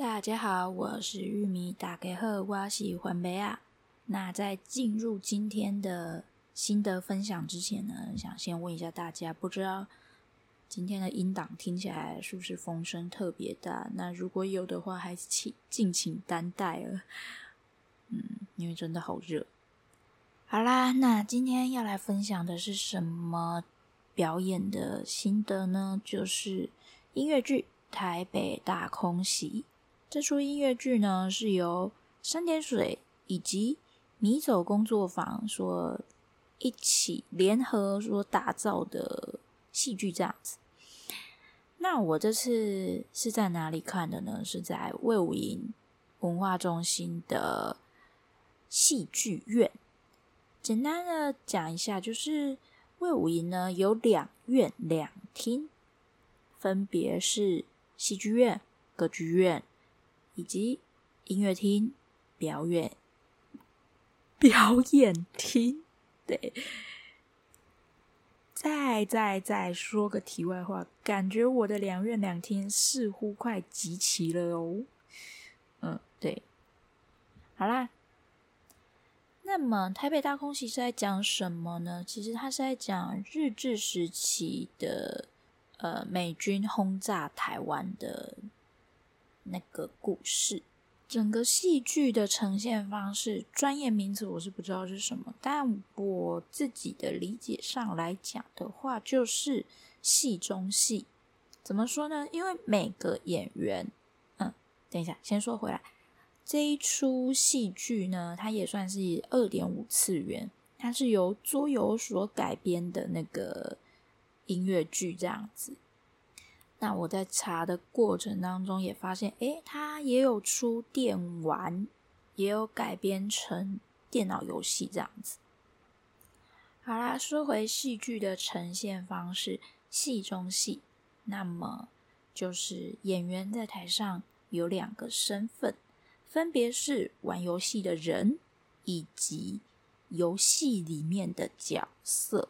大家好，我是玉米，打開荷我喜歡北亞。那在進入今天的心得分享之前呢，想先問一下大家，不知道今天的音檔聽起來是不是風聲特別大？那如果有的話，還請敬請擔待了。嗯，因為真的好熱。好啦，那今天要來分享的是什麼表演的心得呢？就是音樂劇《台北大空襲》。這出音樂劇呢，是由三點水以及迷走工作坊所一起聯合所打造的戲劇，這樣子。那我這次是在哪裡看的呢？是在衛武營文化中心的戲劇院。簡單的講一下，就是衛武營呢有兩院兩廳，分別是戲劇院、歌劇院。以及音樂廳表演，表演廳。對，再再再說個題外話，感覺我的兩院兩廳似乎快集齊了哦。嗯，對，好啦，那麼台北大空襲是在講什麼呢？其實他是在講日治時期的呃美軍轟炸台灣的。那個故事，整個戲劇的呈現方式，專業名詞我是不知道是什麼，但我自己的理解上來講的話，就是戲中戲。怎麼說呢？因為每個演員，嗯，等一下，先說回來，這一出戲劇呢，它也算是二點五次元，它是由桌遊所改編的那個音樂劇這樣子。那我在查的過程當中也發現，誒、欸，它也有出電玩，也有改編成電腦遊戲這樣子。好啦，說回戲劇的呈現方式，戲中戲，那麼就是演員在台上有兩個身份，分別是玩遊戲的人以及遊戲裡面的角色。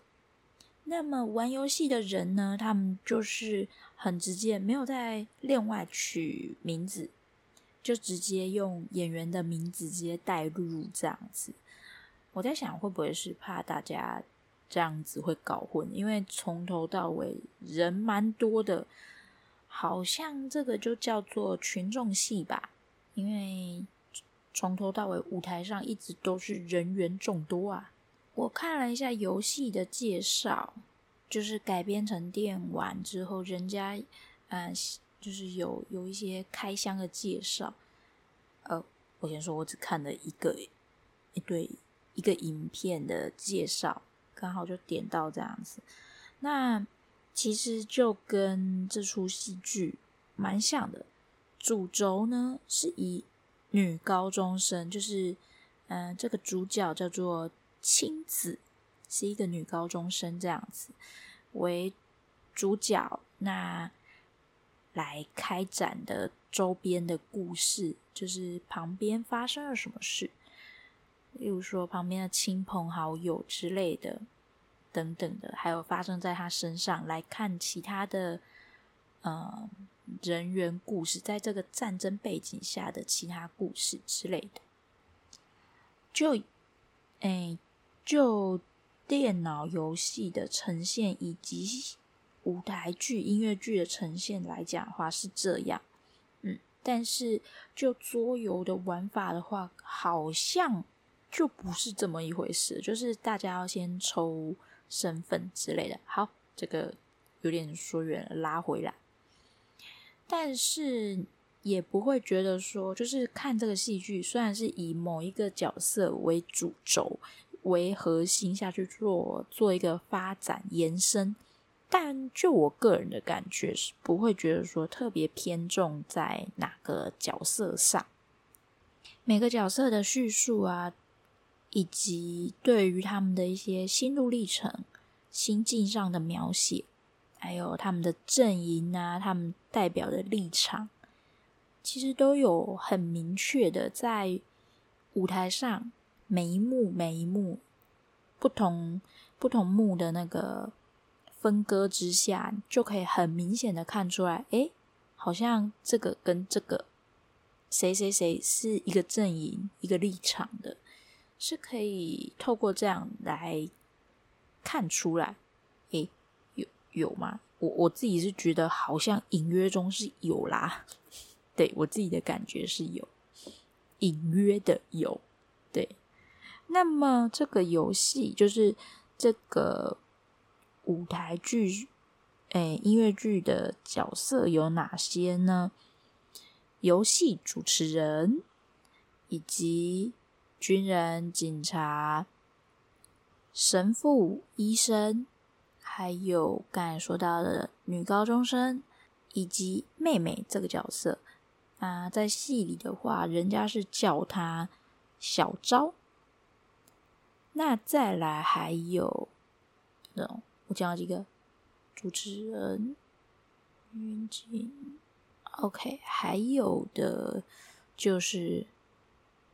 那麼玩遊戲的人呢？他們就是很直接，沒有再另外取名字，就直接用演員的名字直接代入這樣子。我在想，會不會是怕大家這樣子會搞混？因為從頭到尾人蠻多的，好像這個就叫做群眾戲吧。因為從頭到尾舞台上一直都是人員眾多啊。我看了一下遊戲的介紹，就是改編成電玩之後，人家，嗯、呃，就是有有一些開箱的介紹。呃，我先說，我只看了一個，一對，一個影片的介紹，剛好就點到這樣子。那其實就跟這出戲劇蠻像的，主軸呢是以女高中生，就是，嗯、呃，這個主角叫做。親子是一個女高中生，這樣子為主角，那來開展的周邊的故事，就是旁邊發生了什麼事，例如說旁邊的親朋好友之類的，等等的，還有發生在她身上來看其他的，嗯、呃、人員故事，在這個戰爭背景下的其他故事之類的，就，誒、欸。就電腦遊戲的呈現以及舞台劇、音樂劇的呈現來講的話是這樣，嗯，但是就桌遊的玩法的話，好像就不是這麼一回事。就是大家要先抽身份之類的。好，這個有點說遠了，拉回來。但是也不會覺得說，就是看這個戲劇，雖然是以某一個角色為主軸。為核心下去做做一個發展延伸，但就我個人的感覺，是不會覺得說特別偏重在哪個角色上。每個角色的敘述啊，以及對於他們的一些心路歷程、心境上的描寫，還有他們的陣營啊，他們代表的立場，其實都有很明確的在舞台上，每一幕每一幕，不同不同幕的那個分割之下，就可以很明顯的看出來，誒，好像這個跟這個誰誰誰是一個陣營一個立場的，是可以透過這樣來看出來。誒，有有嗎？我我自己是覺得好像隱約中是有啦，對，我自己的感覺是有，隱約的有，對。那麼這個遊戲就是這個舞台劇，哎，音樂劇的角色有哪些呢？遊戲主持人，以及軍人、警察、神父、醫生，還有剛才說到的女高中生，以及妹妹這個角色啊，在戲裡的話，人家是叫她小昭。那再來還有，那種我講幾個主持人雲錦，OK，還有的就是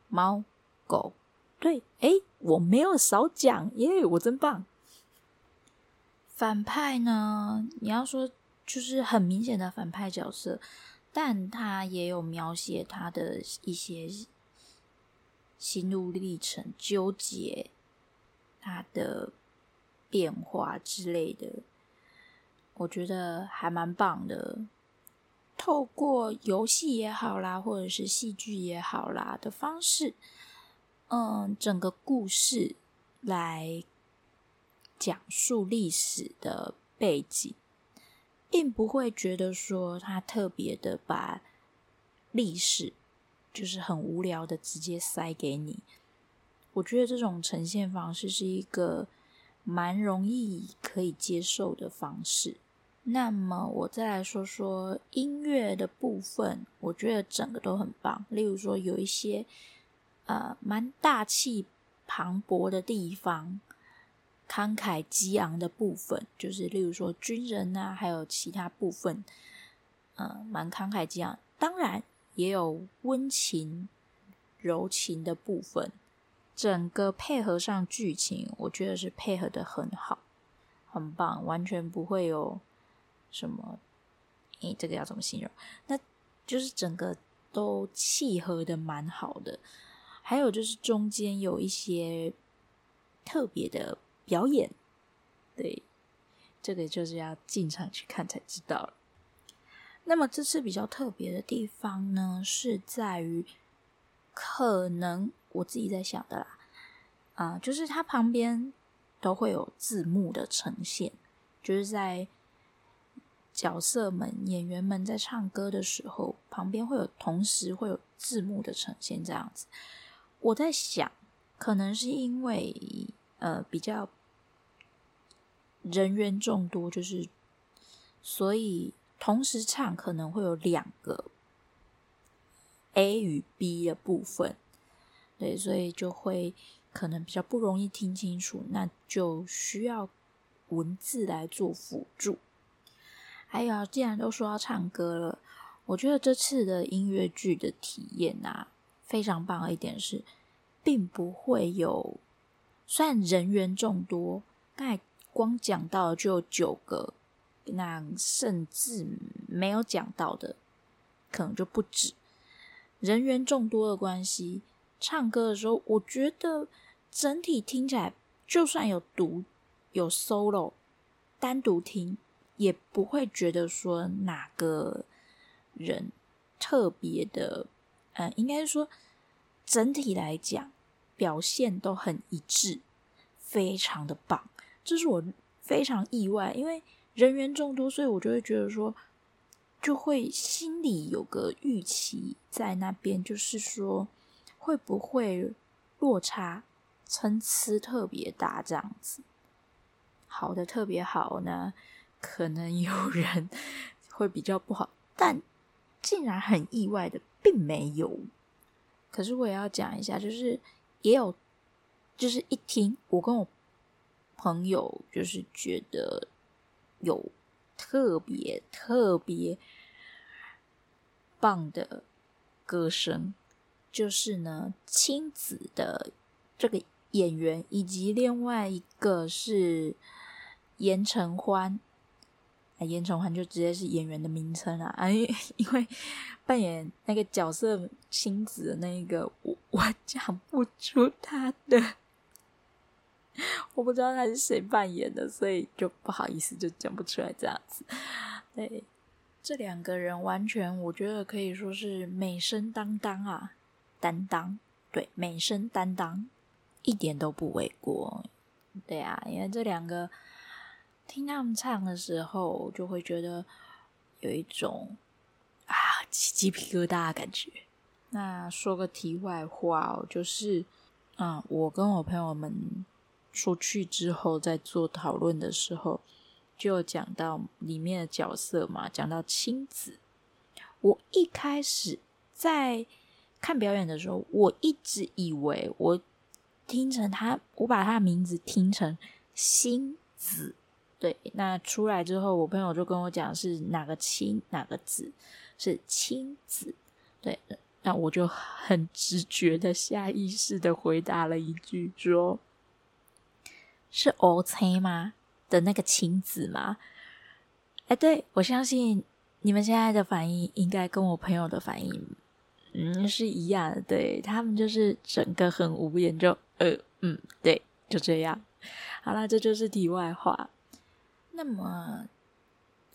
貓狗，對，誒、欸，我沒有少講耶，我真棒。反派呢？你要說就是很明顯的反派角色，但他也有描寫他的一些心路歷程、糾結。他的變化之類的，我覺得還蠻棒的。透過遊戲也好啦，或者是戲劇也好啦的方式，嗯，整個故事來講述歷史的背景，並不會覺得說他特別的把歷史就是很無聊的直接塞給你。我覺得這種呈現方式，是一個蠻容易可以接受的方式。那麼，我再來說說音樂的部分，我覺得整個都很棒。例如說，有一些呃蠻大氣磅礴的地方，慷慨激昂的部分，就是例如說軍人吶、啊，還有其他部分，嗯，蠻慷慨激昂。當然，也有溫情柔情的部分。整個配合上劇情，我覺得是配合的很好，很棒，完全不會有什麼，哎、欸，這個要怎麼形容？那就是整個都契合的蠻好的。還有就是中間有一些特別的表演，對，這個就是要進場去看才知道了。那麼這次比較特別的地方呢，是在於可能。我自己在想的啦，啊、呃，就是他旁邊都會有字幕的呈現，就是在角色們、演員們在唱歌的時候，旁邊會有同時會有字幕的呈現，這樣子。我在想，可能是因為呃比較人員眾多，就是所以同時唱可能會有兩個 A 與 B 的部分。對，所以就會可能比較不容易聽清楚，那就需要文字來做輔助。還有啊，既然都說要唱歌了，我覺得這次的音樂劇的體驗啊，非常棒的一點是，並不會有，雖然人員眾多，剛才光講到就有九個，那甚至沒有講到的，可能就不止。人員眾多的關係。唱歌的時候，我覺得整體聽起來，就算有獨有 solo，單獨聽也不會覺得說哪個人特別的。嗯，應該是說整體來講，表現都很一致，非常的棒。這是我非常意外，因為人員眾多，所以我就會覺得說，就會心裡有個預期在那邊，就是說。會不會落差參差特別大，這樣子，好的特別好呢，可能有人會比較不好，但竟然很意外的，並沒有。可是我也要講一下，就是也有，就是一聽我跟我朋友，就是覺得有特別特別棒的歌聲。就是呢，親子的這個演員，以及另外一個是嚴承歡。嚴承歡就直接是演員的名稱啊、哎，因為扮演那個角色親子的那個，我我講不出他的，我不知道他是誰扮演的，所以就不好意思就講不出來這樣子。對，這兩個人完全我覺得可以說是美聲擔當啊。擔當，對，美聲擔當一點都不為過，對啊，因為這兩個聽他們唱的時候，就會覺得有一種啊雞皮疙瘩的感覺。那說個題外話哦，就是啊、嗯，我跟我朋友們出去之後，在做討論的時候，就講到裡面的角色嘛，講到親子。我一開始在看表演的時候，我一直以為我聽成他，我把他的名字聽成星子。對，那出來之後，我朋友就跟我講是哪個親，哪個子，是親子。對，那我就很直覺的下意識的回答了一句說：“是 O K 嗎？的那個親子嗎？”哎，對，我相信你們現在的反應應該跟我朋友的反應。嗯，是一樣的，對，他們就是整個很無言就，就呃，嗯，對，就這樣。好了，這就是題外話。那麼，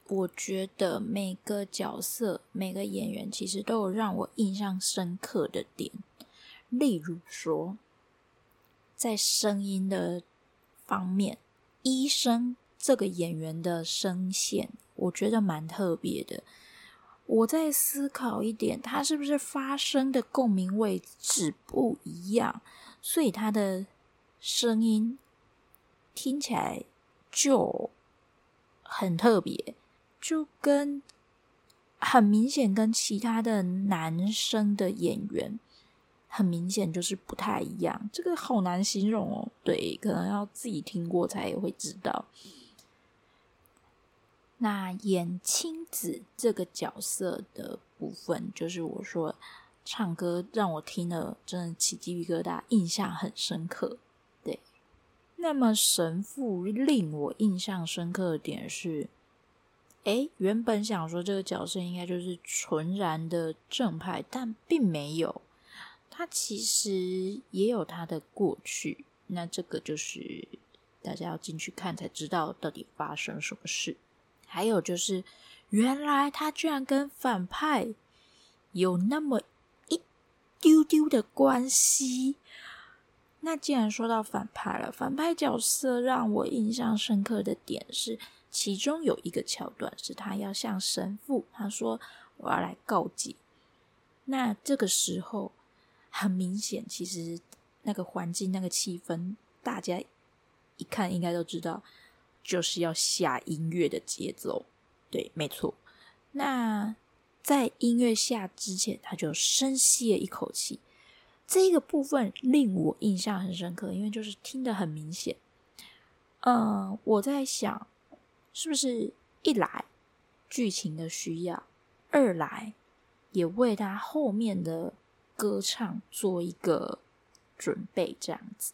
我覺得每個角色、每個演員其實都有讓我印象深刻的點。例如說，在聲音的方面，醫生這個演員的聲線，我覺得蠻特別的。我在思考一點，他是不是發聲的共鳴位置不一樣，所以他的聲音聽起來就很特別，就跟很明顯跟其他的男生的演員很明顯就是不太一樣。這個好難形容哦，對，可能要自己聽過才會知道。那演青子這個角色的部分，就是我說唱歌讓我聽了真的起雞皮疙瘩，印象很深刻。對，那麼神父令我印象深刻的點是，哎，原本想說這個角色應該就是純然的正派，但並沒有，他其實也有他的過去。那這個就是大家要進去看才知道到底發生什麼事。還有就是，原來他居然跟反派有那麼一丟丟的關係。那既然說到反派了，反派角色讓我印象深刻的點是，其中有一個橋段是他要向神父，他說我要來告解，那這個時候很明顯，其實那個環境、那個氣氛，大家一看應該都知道。就是要下音樂的節奏，對，沒錯。那在音樂下之前，他就深吸了一口氣。這個部分令我印象很深刻，因為就是聽得很明顯。嗯、呃，我在想，是不是一來劇情的需要，二來也為他後面的歌唱做一個準備，這樣子。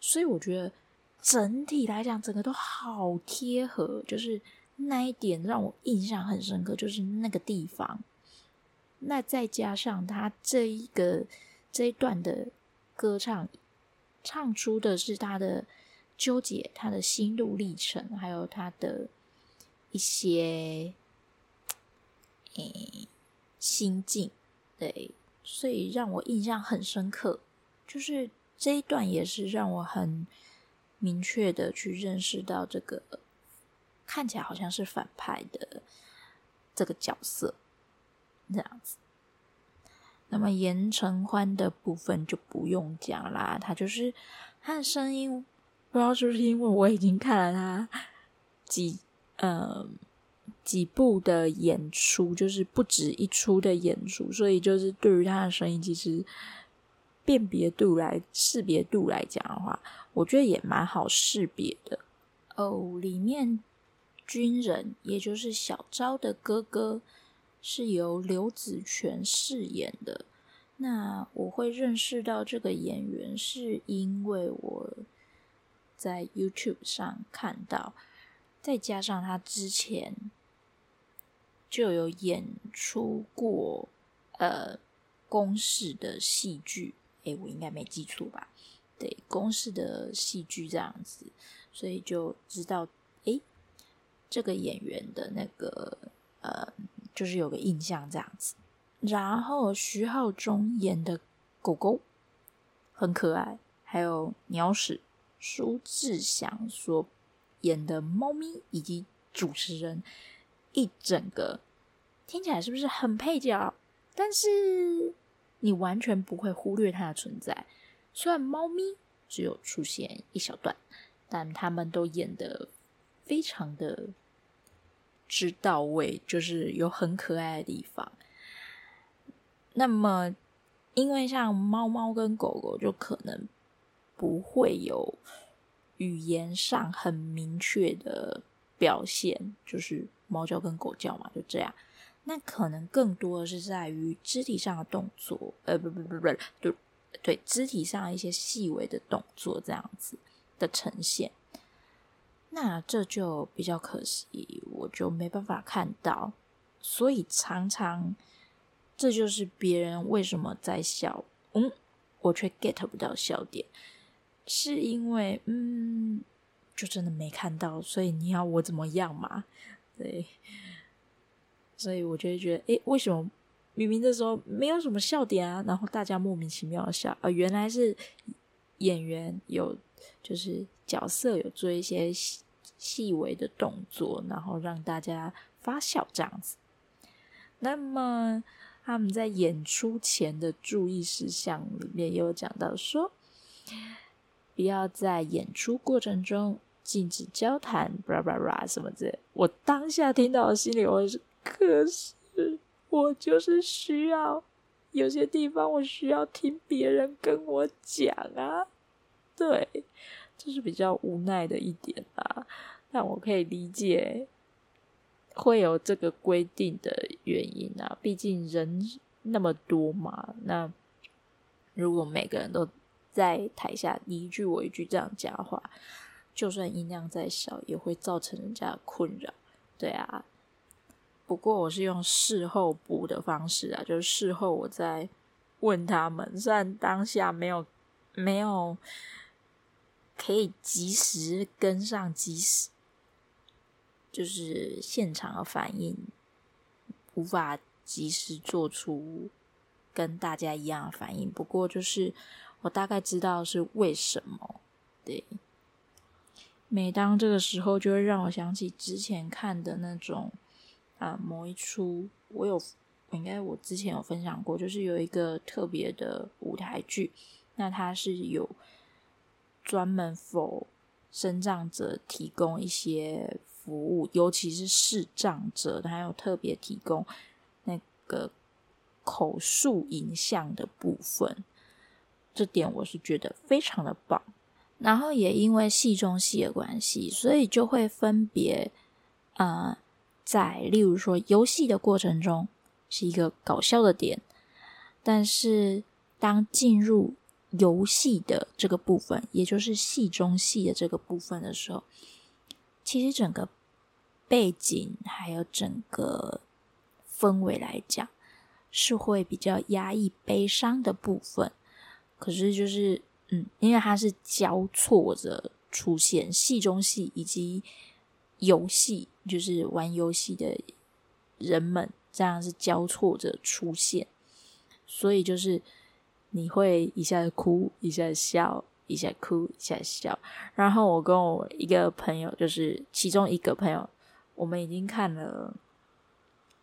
所以我覺得。整體來講，整個都好貼合，就是那一點讓我印象很深刻，就是那個地方。那再加上他這一個，這一段的歌唱，唱出的是他的糾結，他的心路歷程，還有他的一些誒、欸、心境，對，所以讓我印象很深刻，就是這一段也是讓我很。明確的去認識到這個看起來好像是反派的這個角色這樣子。那麼嚴承歡的部分就不用講啦，他就是他的聲音，不知道是不是因為我已經看了他幾嗯、呃、幾部的演出，就是不止一出的演出，所以就是對於他的聲音其實。辨別度來，識別度來講的話，我覺得也蠻好識別的哦。Oh, 裡面軍人，也就是小昭的哥哥，是由劉子全飾演的。那我會認識到這個演員，是因為我在 YouTube 上看到，再加上他之前就有演出過呃公視的戲劇。我應該沒記錯吧？對，公式的戲劇這樣子，所以就知道哎、欸，這個演員的那個呃，就是有個印象這樣子。然後徐浩中演的狗狗很可愛，還有鳥屎，蘇志祥所演的貓咪以及主持人，一整個聽起來是不是很配角？但是。你完全不會忽略它的存在，雖然貓咪只有出現一小段，但它們都演得非常的知道位，就是有很可愛的地方。那麼，因為像貓貓跟狗狗，就可能不會有語言上很明確的表現，就是貓叫跟狗叫嘛，就這樣。那可能更多的是在於肢體上的動作，呃不不不不，對對，肢體上一些細微的動作這樣子的呈現。那這就比較可惜，我就沒辦法看到，所以常常這就是別人為什麼在笑，嗯，我卻 get 不到笑點，是因為嗯，就真的沒看到，所以你要我怎麼樣嘛？對。所以我就會覺得，誒，為什麼明明這時候沒有什麼笑點啊？然後大家莫名其妙的笑啊、呃？原來是演員有就是角色有做一些細細微的動作，然後讓大家發笑這樣子。那麼他們在演出前的注意事項裡面也有講到說，不要在演出過程中禁止交談，巴拉巴拉什麼之類的。我當下聽到的心裡，我。可是我就是需要。有些地方我需要聽別人跟我講啊，對，這是比較無奈的一點啦啊。但我可以理解會有這個規定的原因啊，畢竟人那麼多嘛。那如果每個人都在台下你一句我一句這樣講話，就算音量再小，也會造成人家的困擾。對啊。不過我是用事後補的方式啊，就是事後我再問他們。雖然當下沒有沒有可以及時跟上即時，及時就是現場的反應無法及時做出跟大家一樣的反應。不過就是我大概知道是為什麼。對，每當這個時候，就會讓我想起之前看的那種。啊、嗯，某一出我有，應該我之前有分享過，就是有一個特別的舞台劇，那它是有專門 for 視障者提供一些服務，尤其是視障者，它有特別提供那個口述影像的部分，這點我是覺得非常的棒。然後也因為戲中戲的關係，所以就會分別啊。呃在，例如說遊戲的過程中是一個搞笑的點，但是當進入遊戲的這個部分，也就是戲中戲的這個部分的時候，其實整個背景還有整個氛圍來講是會比較壓抑、悲傷的部分。可是就是，嗯，因為它是交錯着出現戲中戲以及。遊戲就是玩遊戲的人們，這樣是交錯着出現，所以就是你會一下子哭，一下子笑，一下子哭，一下子笑。然後我跟我一個朋友，就是其中一個朋友，我們已經看了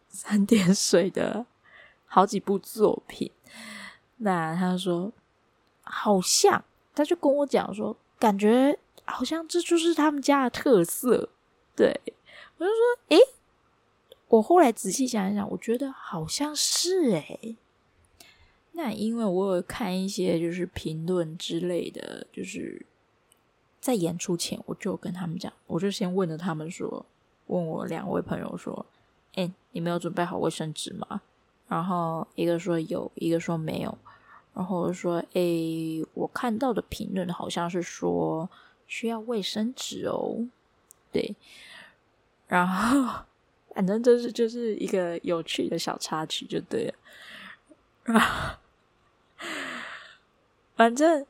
三點水的好幾部作品。那他說，好像他就跟我講說，感覺好像這就是他們家的特色。對，我就說，誒、欸，我後來仔細想一想，我覺得好像是誒、欸。那因為我有看一些就是評論之類的，就是在演出前我就跟他們講，我就先問了他們說，問我兩位朋友說，哎、欸，你們有準備好衛生紙嗎？然後一個說有，一個說沒有。然後說，誒、欸，我看到的評論好像是說需要衛生紙哦。對，然後反正就是就是一個有趣的小插曲就對了。然後反正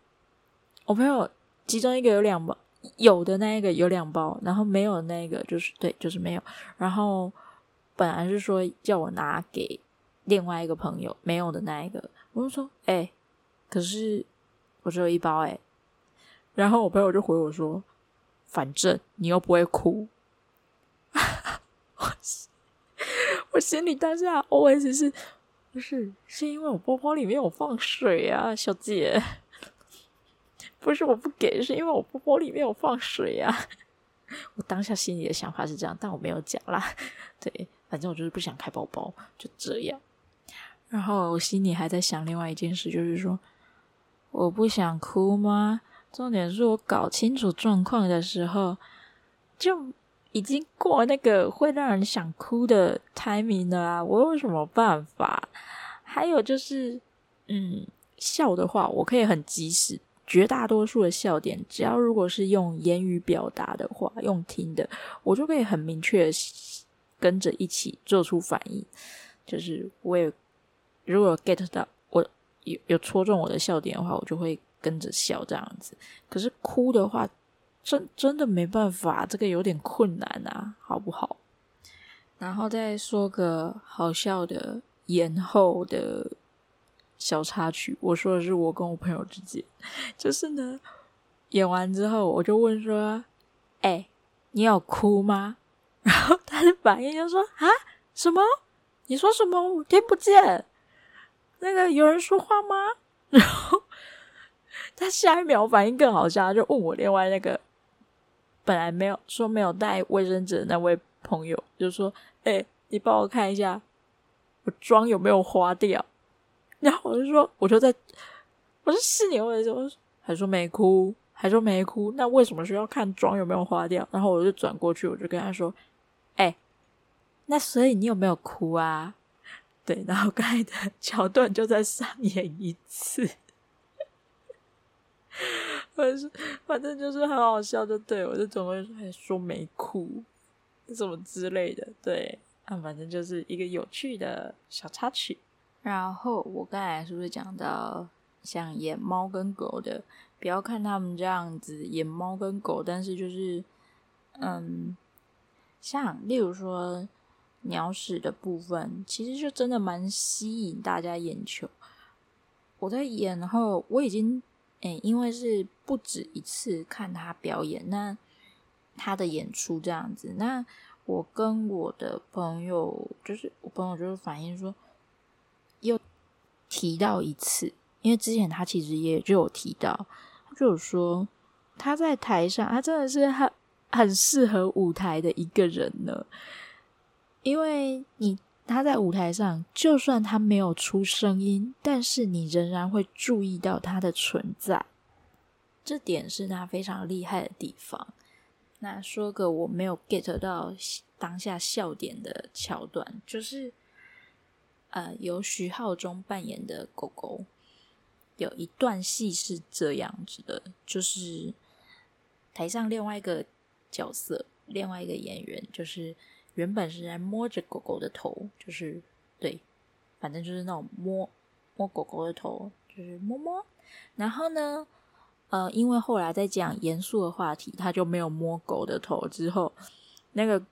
我朋友其中一個有兩包，有的那一個有兩包，然後沒有那一個就是對，就是沒有。然後本來是說叫我拿給另外一個朋友沒有的那一個，我就說哎，可是我只有一包哎。然後我朋友就回我說。反正你又不會哭，我 心我心裡當下 OS 是，不是是因為我包包裡面有放水啊，小姐，不是我不給，是因為我包包裡面有放水啊。 我當下心裡的想法是這樣，但我沒有講啦。對，反正我就是不想開包包，就這樣。然後我心裡還在想另外一件事，就是說我不想哭嗎？重點是我搞清楚狀況的時候，就已經過那個會讓人想哭的 timing 了啊！我有什麼辦法？還有就是，嗯，笑的話，我可以很及時。絕大多數的笑點，只要如果是用言語表達的話，用聽的，我就可以很明確的跟着一起做出反應。就是我也，如果 get 到我有有戳中我的笑點的話，我就會。跟着笑這樣子，可是哭的話，真真的沒辦法，這個有點困難啊，好不好？然後再說個好笑的延後的小插曲，我說的是我跟我朋友之間，就是呢，演完之後我就問說：“哎、欸，你有哭嗎？”然後他的反應就說：“啊，什麼？你說什麼？我聽不見，那個有人說話嗎？”然後。他下一秒反應更好笑，就問我另外那個本來沒有說沒有帶衛生紙的那位朋友，就說：“哎、欸，你幫我看一下，我妝有沒有花掉？”然後我就說：“我就在，我，我說是你問的，我說還說沒哭，還說沒哭，那為什麼需要看妝有沒有花掉？”然後我就轉過去，我就跟他說：“哎、欸，那所以你有沒有哭啊？”對，然後剛才的橋段就在上演一次。我是反正就是很好笑的。對我就總會說沒哭，什麼之類的，對，啊，反正就是一個有趣的小插曲。然後我剛才是不是講到，像演貓跟狗的，不要看他們這樣子演貓跟狗，但是就是嗯，像例如說鳥屎的部分，其實就真的蠻吸引大家眼球。我在演後，後我已經。因為是不止一次看他表演，那他的演出這樣子，那我跟我的朋友，就是我朋友就是反映說，又提到一次，因為之前他其實也就有提到，就有說他在台上，他真的是很很適合舞台的一個人呢，因為你。他在舞台上，就算他沒有出聲音，但是你仍然會注意到他的存在，這點是他非常厲害的地方。那說個我沒有 get 到當下笑點的橋段，就是，呃，由徐浩中扮演的狗狗，有一段戲是這樣子的，就是台上另外一個角色，另外一個演員就是。原本是在摸着狗狗的頭，就是對，反正就是那種摸摸狗狗的頭，就是摸摸。然後呢，呃，因為後來在講嚴肅的話題，他就沒有摸狗的頭之後，那個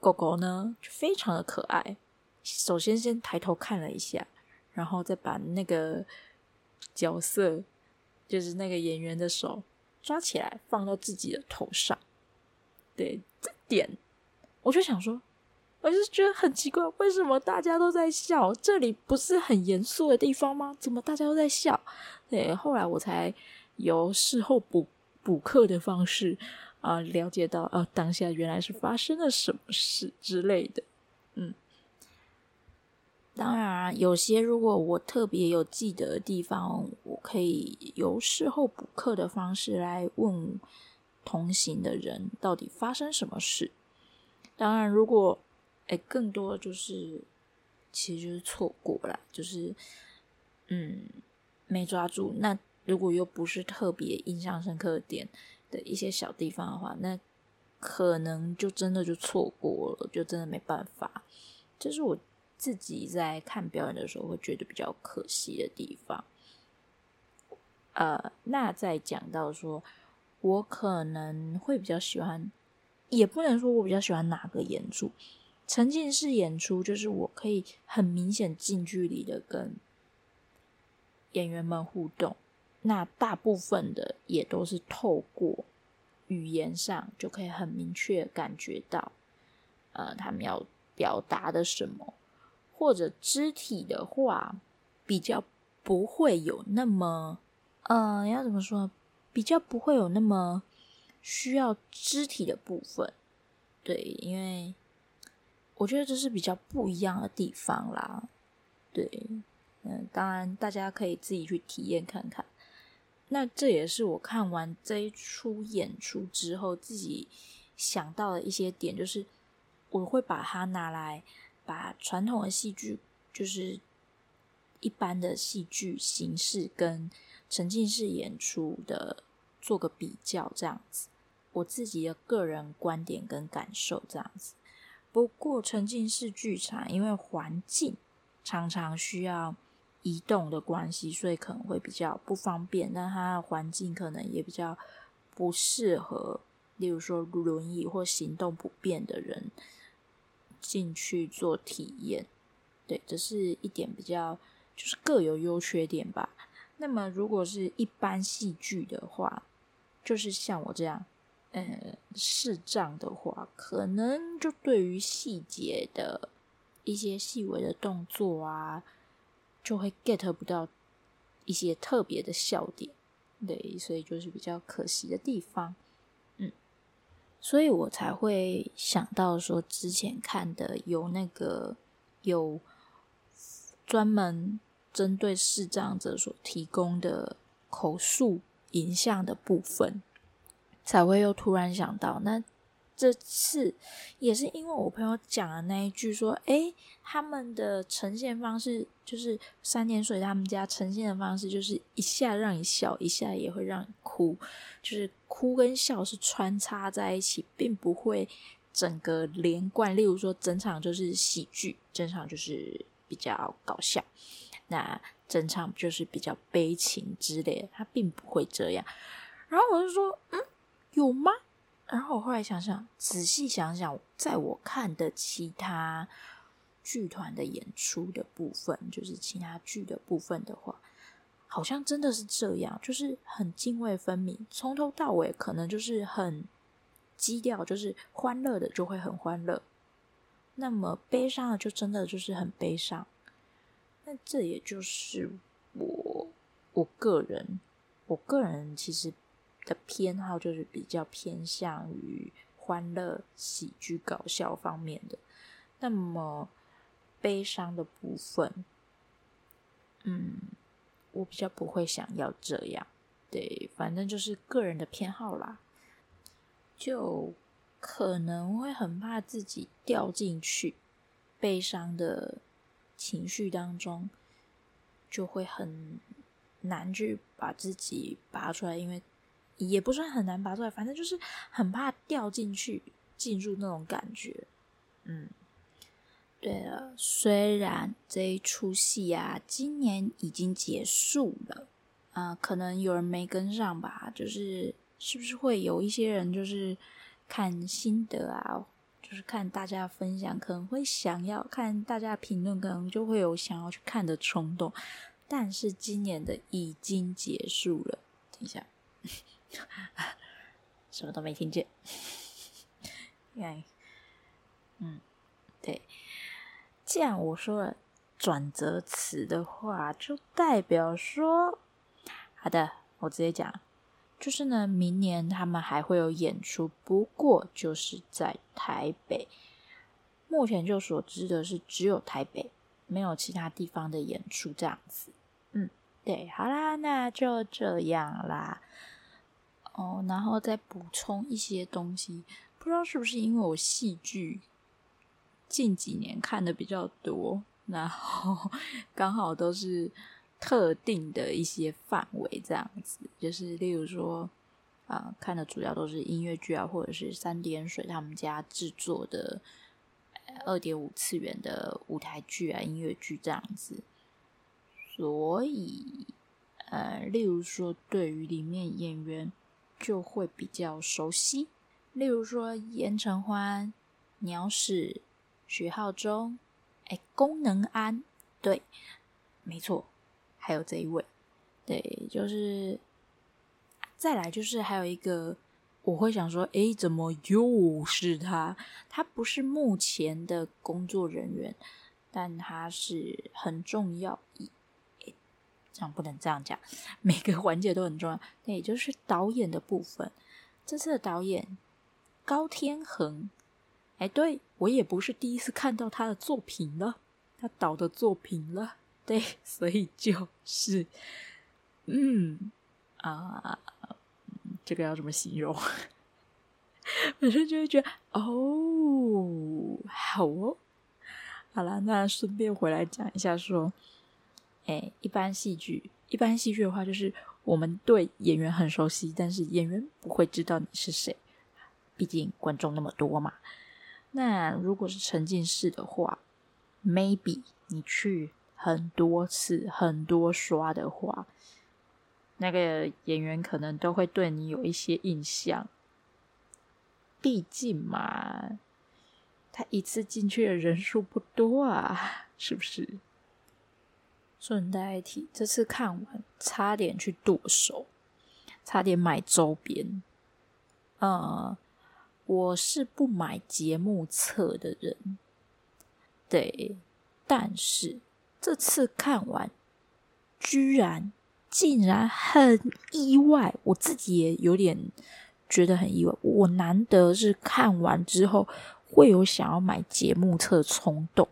狗狗呢，就非常的可愛。首先先抬頭看了一下，然後再把那個角色，就是那個演員的手抓起來，放到自己的頭上。對，這點。我就想說，我就覺得很奇怪，為什麼大家都在笑？這裡不是很嚴肅的地方嗎？怎麼大家都在笑？對，後來我才由事後補補課的方式啊、呃，了解到啊、呃、當下原來是發生了什麼事之類的。嗯，當然、啊，有些如果我特別有記得的地方，我可以由事後補課的方式來問同行的人，到底發生什麼事。當然，如果、欸、更多就是，其實就是錯過啦，就是嗯，沒抓住。那如果又不是特別印象深刻的點的一些小地方的話，那可能就真的就錯過了，就真的沒辦法。這、就是我自己在看表演的時候會覺得比較可惜的地方。呃，那再講到說，我可能會比較喜歡。也不能說我比較喜歡哪個演出，沉浸式演出就是我可以很明顯近距離的跟演員們互動，那大部分的也都是透過語言上就可以很明確感覺到，呃，他們要表達的什麼，或者肢體的話比較不會有那麼，呃，要怎麼說，比較不會有那麼。需要肢體的部分，對，因為我覺得這是比較不一樣的地方啦，對，嗯，當然大家可以自己去體驗看看。那這也是我看完這一出演出之後自己想到的一些點，就是我會把它拿來把傳統的戲劇，就是一般的戲劇形式跟沉浸式演出的做個比較，這樣子。我自己的個人觀點跟感受這樣子。不過沉浸式劇場因為環境常常需要移動的關係，所以可能會比較不方便，那它的環境可能也比較不適合，例如說輪椅或行動不便的人進去做體驗。對，這是一點比較，就是各有優缺點吧。那麼如果是一般戲劇的話，就是像我這樣。嗯，視障的話，可能就對於細節的一些細微的動作啊，就會 get 不到一些特別的笑點，對，所以就是比較可惜的地方。嗯，所以我才會想到說，之前看的有那個有專門針對視障者所提供的口述影像的部分。才會又突然想到，那這次也是因為我朋友講的那一句說：“誒，他們的呈現方式就是三點水，他們家呈現的方式就是一下讓你笑，一下也會讓你哭，就是哭跟笑是穿插在一起，並不會整個連貫。例如說，整場就是喜劇，整場就是比較搞笑，那整場就是比較悲情之類的，他並不會這樣。然後我就說，嗯。”有嗎？然後我後來想想，仔細想想，在我看的其他劇團的演出的部分，就是其他劇的部分的話，好像真的是這樣，就是很涇渭分明，從頭到尾可能就是很基調，就是歡樂的就會很歡樂，那麼悲傷的就真的就是很悲傷。那這也就是我我個人，我個人其實。的偏好就是比較偏向於歡樂、喜劇、搞笑方面的。那麼悲傷的部分，嗯，我比較不會想要這樣。對，反正就是個人的偏好啦。就可能會很怕自己掉進去悲傷的情緒當中，就會很難去把自己拔出來，因為，也不算很難拔出來，反正就是很怕掉進去、進入那種感覺。嗯，對了，雖然這一出戲啊，今年已經結束了，啊、呃，可能有人沒跟上吧？就是是不是會有一些人，就是看心得啊，就是看大家分享，可能會想要看大家的評論，可能就會有想要去看的衝動。但是今年的已經結束了，等一下。 什麼都沒聽見。 嗯，對，既然我說了轉折詞的話，就代表說，好的，我直接講，就是呢，明年他們還會有演出，不過就是在台北。目前就所知的是，只有台北，沒有其他地方的演出這樣子。嗯，對，好啦，那就這樣啦。哦，然後再補充一些東西，不知道是不是因為我戲劇近幾年看的比較多，然後剛好都是特定的一些範圍這樣子，就是例如說啊、呃，看的主要都是音樂劇啊，或者是三點水他們家制作的二點五次元的舞台劇啊、音樂劇這樣子，所以呃，例如說對於裡面演員。就會比較熟悉，例如說嚴承歡、鳥屎、徐浩中，哎、欸，功能安，對，沒錯，還有這一位，對，就是再來就是還有一個，我會想說，誒，怎麼又是他？他不是目前的工作人員，但他是很重要一。這樣不能這樣講，每個環節都很重要。那也就是導演的部分。這次的導演高天恆，哎，對，我也不是第一次看到他的作品了，他導的作品了。對，所以就是，嗯啊，這個要怎麼形容？本身就會覺得哦，好哦。好啦，那順便回來講一下說。哎、欸，一般戲劇，一般戲劇的話，就是我們對演員很熟悉，但是演員不會知道你是誰，畢竟觀眾那麼多嘛。那如果是沉浸式的話，maybe 你去很多次、很多刷的話，那個演員可能都會對你有一些印象，畢竟嘛，他一次進去的人數不多啊，是不是？順帶一提，這次看完差點去剁手，差點買周邊。呃、嗯，我是不買節目冊的人。對，但是這次看完，居然竟然很意外，我自己也有點覺得很意外。我難得是看完之後會有想要買節目冊衝動。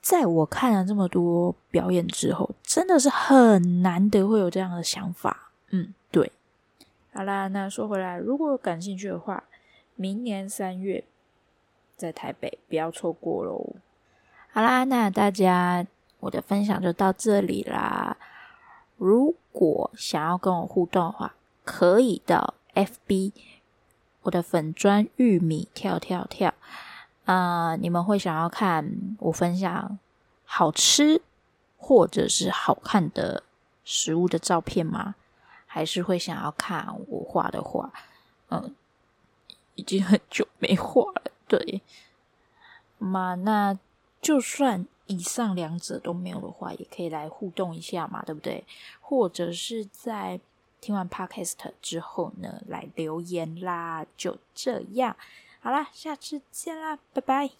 在我看了這麼多表演之後，真的是很難得會有這樣的想法。嗯，對。好啦，那說回來，如果感興趣的話，明年三月在台北不要錯過咯。好啦，那大家我的分享就到這裡啦。如果想要跟我互動的話，可以到 FB 我的粉專玉米跳跳跳。呃，你們會想要看我分享好吃或者是好看的食物的照片嗎？還是會想要看我畫的畫？嗯，已經很久沒畫了，對嗎？那就算以上兩者都沒有的話，也可以來互動一下嘛，對不對？或者是在聽完 Podcast 之後呢，來留言啦，就這樣。好啦，下次見啦，拜拜。